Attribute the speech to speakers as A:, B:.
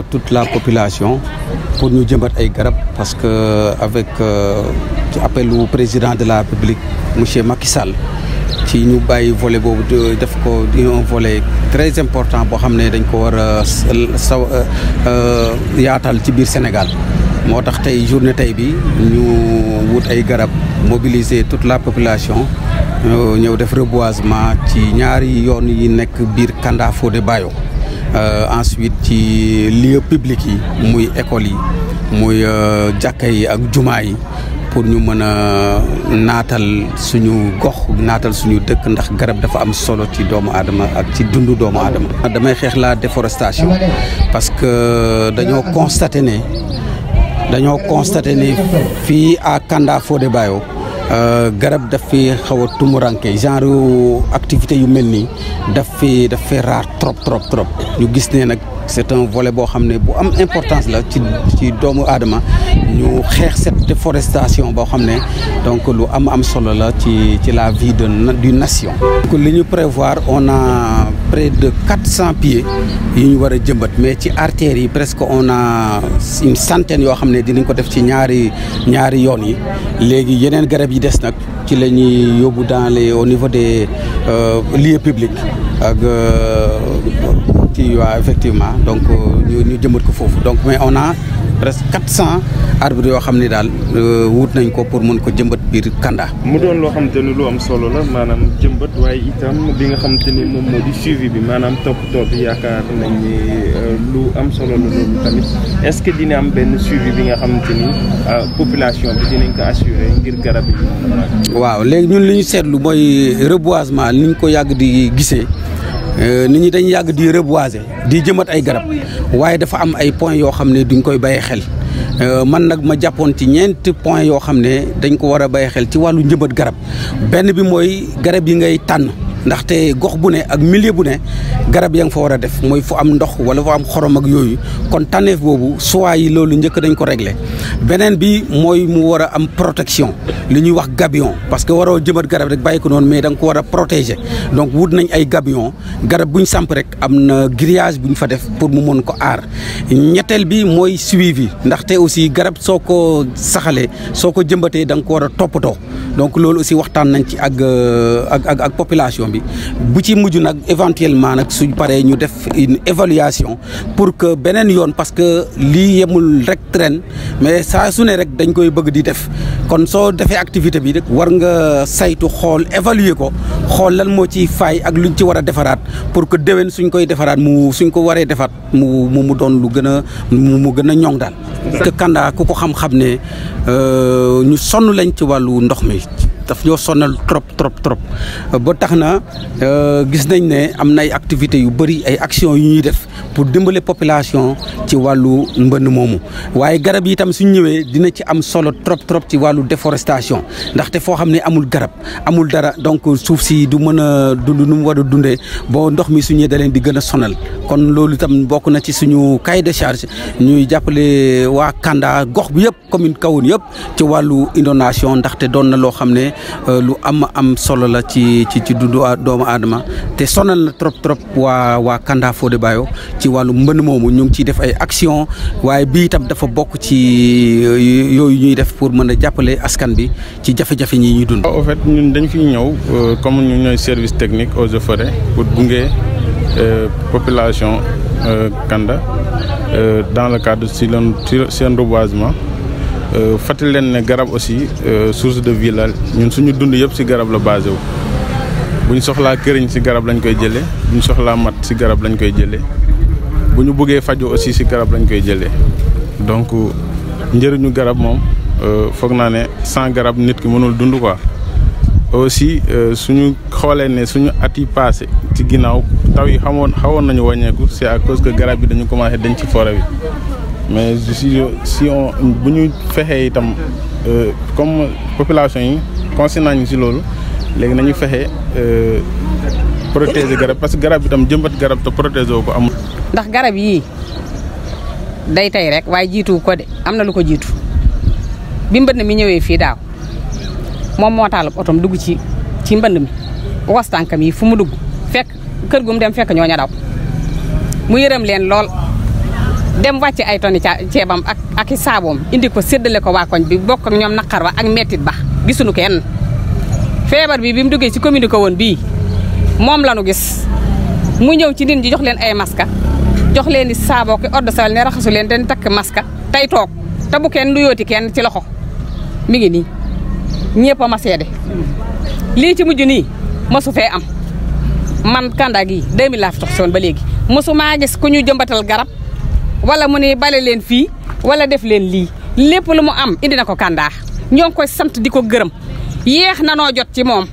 A: toute la population pour ñu jëmbat ay garab parce que avec euh, ci au président de la République monsieur Macky Sall ci ñu bàyyi volet de def ko un volet très important bo xamné dañ ko wara euh saw euh, yaatal ci biir Sénégal motax tay journée tay bi ñu wut ay garab mobiliser toute la population euh, ñëw def reboisement ci ñaari yoon yi nekk biir Kandafo de Bayo Euh, ensuite ci lieu public yi muy école yi muy euh, jàkka yi ak jumaa yi pour ñu mën a naatal suñu gox naatal suñu dëkk ndax garab dafa am solo ci doomu adama ak ci dundu doomu adama damay xeex la déforestation parce que dañoo constaté ne dañoo constaté ne fii à Kanda Fodé Bayo Euh, garab daf fi xaw a tumuranke genre activité yu mel nii daf fi daf fi raar trop trop trop ñu gis ne nag c'est un volet bo xamné bu am importance la ci ci doomu adama ñu xeex cette déforestation bo xamné donc lu am am solo la ci ci la vie de du nation. ko li ñu prévoir on a près de 400 pieds yi ñu wara jëmbat mais ci artères yi presque on a une centaine yo xamné ne dinañ ko def ci ñaari ñaari yoon yi légui yenen garab yi des nak ci lañuy yobu dans les au niveau des euh, lieux publics ak. Euh, si waaw effectivement donc euh, ñu ñu jëmbat ko foofu donc mais on a presque quatre cent yoo xam ne daal euh, wut nañ ko pour mën ko jëmbat biir Kanda.
B: mu doon loo xamante ni lu am solo la maanaam jëmbat waaye itam bi nga xam xamante ni moom moo di suivi bi maanaam toppatoo bi yaakaar nañ ni euh, lu am solo la loolu tamit est-ce que dina am benn suivi bi nga xamante ni population bi
A: dinañ ko assurer ngir garab yi. waaw léegi ñun li ñu seetlu mooy reboisement ni ñu ko yàgg di gisee. Euh, nit ñi dañu yàgg di reboiser di jëmat ay garab waaye dafa am ay points yoo xam ne duñ koy bàyyi xel euh, man nag ma jàppoon ci ñeenti points yoo xam ne dañ ko war a bàyyi xel ci wàllu njëmat garab benn bi mooy garab yi ngay tànn. ndaxte gox bu ne ak milieu bu ne garab ya nga fa war a def mooy fu am ndox wala fu am xorom ak yooyu kon tànneef boobu soit yi loolu njëkk dañ ko régler beneen bi mooy mu war a am protection li ñuy wax gabion parce que waroo jëmat garab rek bàyyi ko noonu mais danga ko war a protéger donc wut nañ ay gabion garab bu ñu samp rek am na grillage bu ñu fa def pour mu mën ko aar ñetteel bi mooy suivi ndaxte aussi garab soo ko saxalee soo ko jëmbatee danga ko war a toppatoo donc loolu aussi waxtaan nañ ci ak euh, ak ak population bi bu ci muju nak éventuellement nak suñu paré ñu def une évaluation pour que benen yoon parce que li yemul rek train mais saa su rek dañ koy bëgg di def kon so défé activité bi rek war nga saytu xol évaluer ko xol lan mo ci fay ak luñ ci wara défarat pour que dewen suñ koy défarat mu suñ ko waree défat mu mu mu doon lu gëna a mu gëna ñong dal daal. te Kanda ku ko xam-xam euh ñu sonn lañ ci walu ndox mi. daf ñoo sonal trop trop trop ba tax na euh, gis nañ ne am na ay activités yu bëri ay actions yu ñuy def pour dimbale population ci wàllu mbënn moomu waaye garab yi itam suñ ñëwee dina ci am solo trop trop ci wàllu déforestation ndaxte foo xam ne amul garab amul dara donc suuf si du mën a dund nu mu war a dundee boo ndox mi suñu da leen di gën a sonal kon loolu itam bokk na ci suñu cahier de charge ñuy jàppale waa Kanda gox bi yëpp commune Kahone yëpp ci wàllu inondation ndaxte doon na loo xam ne Euh, lu am am solo la ci ci ci dundu doomu aadama te sonal na trop trop waa waa Kanda Fodé Bayo ci wàllu mbënd moomu ñu ngi ciy def ay action waaye bii itam dafa bokk ci euh, yooyu ñuy def pour mën a jàppale askan bi ci jafe-jafe ñi ñuy dund.
B: en fait ñun dañ fi ñëw euh, comme ñu ñooy service technique au et forêts pour gunge population Kanda dans le cadre si seen reboisement. Euh, fàttali leen ne garab aussi euh, source de vie ñun suñu dund yëpp ci garab la basé wu bu soxlaa këriñ ci garab lañ koy jëlee bu ñu soxlaa mat ci garab lañ koy jëlee bu ñu bëggee faju aussi ci garab lañ koy jëlee donc njëriñu garab moom euh, foog naa ne sans garab nit ki mënul dund quoi. aussi suñu xoolee ne suñu at yi passé ci ginnaaw taw yi xamoon xawoon nañu wàññeeku c'est à cause que garab yi dañu commencé dañ ci forêt bi mais si si on bu ñu fexee itam euh, comme population yi consigné nañu si loolu léegi nañu fexe euh, protéger garab parce que garab itam jëmbat garab te protéger wu ko amul.
C: ndax garab yii day tey rek waaye jiitu ko de am na lu ko jiitu bi mbënd mi ñëwee fii daaw moom moo taalub otom dugg ci ci mbënd mi was tànkam yi fu mu dugg fekk kër gu mu dem fekk ñoo ña daw mu yërëm leen lool. dem wàcce ay toni cebam ak ak i saaboom indi ko ko koñ bi bokk ak ñoom naqar wa ak ba gisuñu kenn feebar bi bi mu duggee ci commune ko woon bii moom la gis mu ñëw ci nit ñi jox leen ay maska jox leen ni sabo ki ordre sawel ne raxasu leen dañ takk maska tay toog te bu kenn nuyooti kenn ci loxo mi ngi nii ñëpp a ma seede lii ci mujj am man Kanda gii 2000 laa fi tox ba léegi mosu gis ku ñu jëmbatal garab wala mu ne bale leen fii wala def leen lii lépp lu mu am indi na ko Kanda ñoo koy sant di ko gërëm yéex na noo jot ci moom.